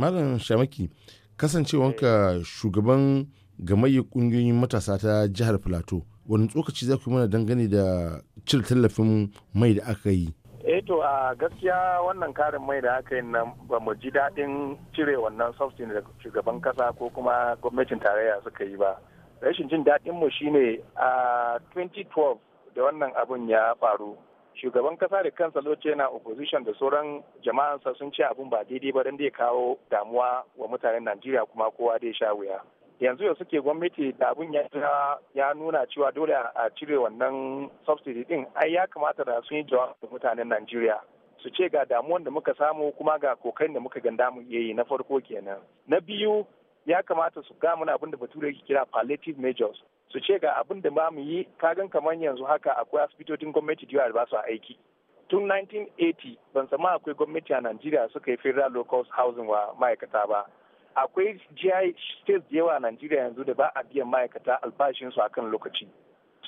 malam shamaki kasancewanka shugaban gamayyar kungiyoyin matasa ta jihar plateau wani tsokaci za ku mana dangane da cire tallafin mai da aka yi eh to a gaskiya wannan karin mai da aka yi nan ba mu ji daɗin cire wannan sauti da shugaban kasa ko kuma gwamnatin tarayya suka yi ba rashin jin daɗin mu shine a 2012 da wannan abun ya faru shugaban kasa da kansa lokaci yana opposition da sauran jama'ansa sun ce abin ba daidai ba don zai kawo damuwa wa mutanen najeriya kuma kowa da ya sha wuya yanzu yau suke gwamnati da abin ya nuna cewa dole a cire wannan subsidy din ai ya kamata da sun yi jawabi da mutanen najeriya su ce ga damuwan da muka samu kuma ga kokarin da muka ganda mu iya yi na farko kenan na biyu ya kamata su ga abinda abin da bature ke kira palliative measures su ce ga abin da ba mu yi kagan kamar yanzu haka akwai asibitocin gwamnati da yawa ba su aiki tun 1980 ban sama akwai gwamnati a Najeriya suka yi federal low cost housing wa ma'aikata ba akwai GI states da yawa a Najeriya yanzu da ba a biyan ma'aikata albashinsu a kan lokaci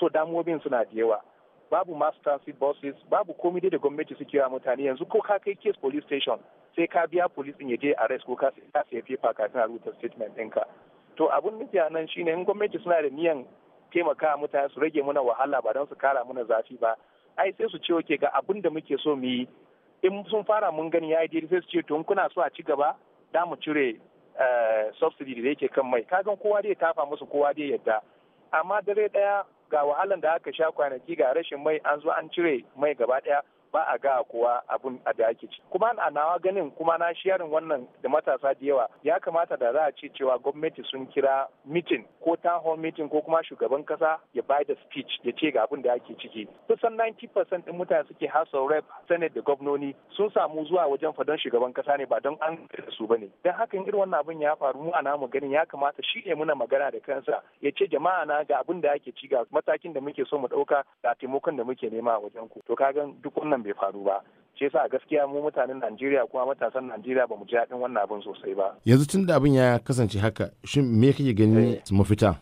so damuwobin suna da yawa babu mass transit buses babu komai dai da gwamnati suke wa mutane yanzu ko ka kai case police station sai ka biya police din ya je arrest ko ka sai paper kafin a rubuta statement ɗinka to abin nufi a nan shine in gwamnati suna da niyan taimaka mutane su rage muna wahala ba don su kara muna zafi ba ai sai su ce ke ga abun da muke so mu yi in sun fara mun gani ya daidai sai su ce to kuna so a ci gaba da mu cire eh, subsidy da yake kan mai kagan kowa dai tafa musu kowa dai yadda amma dare daya ga wahalan da aka sha kwanaki ga rashin mai an zo an cire mai gaba daya ba a ga kuwa abun a da ake ci kuma a nawa ganin kuma na shiyarin wannan da matasa da yawa ya kamata da za a ce cewa gwamnati sun kira mitin ko town hall mitin ko kuma shugaban kasa ya bai da speech ya ce ga abin da ake ciki kusan 90% din mutane suke house of rep senate da gwamnoni sun samu zuwa wajen fadon shugaban kasa ne ba don an da su bane dan haka irin wannan abin ya faru mu a namu ganin ya kamata shi ne muna magana da kansa ya ce jama'a na ga abin da ake ci ga matakin da muke so mu dauka da taimakon da muke nema a wajen ku to kagan duk wannan a bai faru ba ce sa gaskiya mu mutanen Najeriya kuma matasan Najeriya ba mu ji daɗin wannan abin sosai ba yanzu tun da abin ya kasance haka shin me kake ganin eh. mafita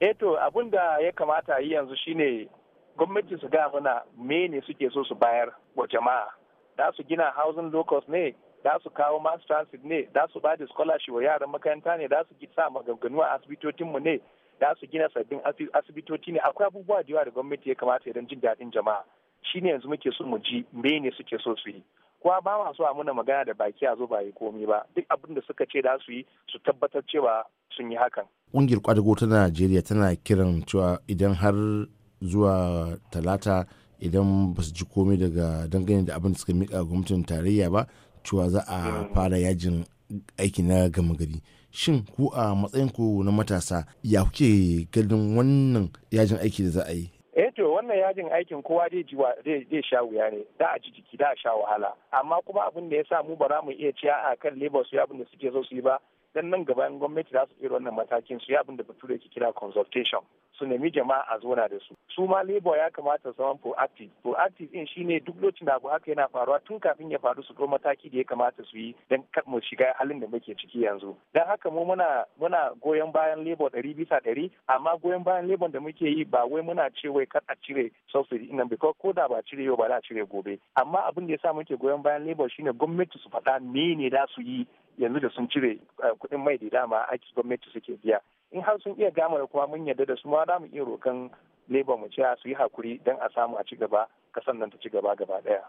eh to abun da ya kamata yi yanzu shine gwamnati su ga mana me ne suke so su bayar wa jama'a da su gina housing locals ne da su kawo mass transit ne da su ba da scholarship wa yaran makaranta ne da su sa maganganu a asibitocinmu ne da su gina sabbin asibitoci ne akwai abubuwa da yawa da gwamnati ya kamata ya jin daɗin jama'a shi ne yanzu muke so mu ji ne suke so su yi kuwa ba ma so a muna magana da baki a zo ba yi komi ba duk abin da suka ce da su yi su tabbatar cewa sun yi hakan ƙungiyar kwadago ta najeriya tana kiran cewa idan har zuwa talata idan ba su ji komai daga dangane da abin da suka mika gwamnatin tarayya ba cewa za a fara yajin aiki na gama gari shin ku a matsayinku na matasa ya kuke ganin wannan yajin aiki da za a yi wannan yajin aikin kowa zai ji zai sha wuya ne da a ji jiki da a sha wahala amma kuma abin da ya sa mu ba za mu iya ciya a kan labor su abin da suke zo su yi ba dan nan gaba gwamnati za su iya wannan matakin su abin da bature ke kira consultation su nemi jama'a a zona da su su ma labor ya kamata su zama proactive proactive din shine duk lokacin da abu haka yana faruwa tun kafin ya faru su mataki da ya kamata su yi dan kar mu shiga halin da muke ciki yanzu dan haka mu muna muna goyon bayan labor ɗari bisa ɗari amma goyon bayan labor da muke yi ba wai muna ce wai kar a cire subsidy din nan ko da ba cire yau ba za a cire gobe amma abin da ya sa muke goyon bayan labor shine gwamnati su faɗa me ne za su yi yanzu da sun cire eh, kuɗin mai da dama aiki gwamnati suke biya in har sun iya gama da kuma mun yarda da su ma za mu iya rokan leba mu ce su yi hakuri don a samu a ci gaba kasan nan ta ci gaba gaba daya.